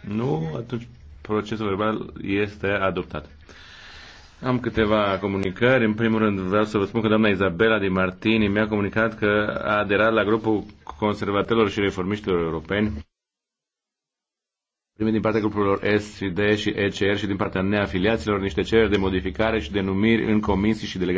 Nu? Atunci procesul verbal este adoptat. Am câteva comunicări. În primul rând vreau să vă spun că doamna Izabela Di Martini mi-a comunicat că a aderat la grupul conservatorilor și reformiștilor europeni primit din partea grupurilor S, D și ECR și din partea neafiliaților niște cereri de modificare și de numiri în comisii și delegații.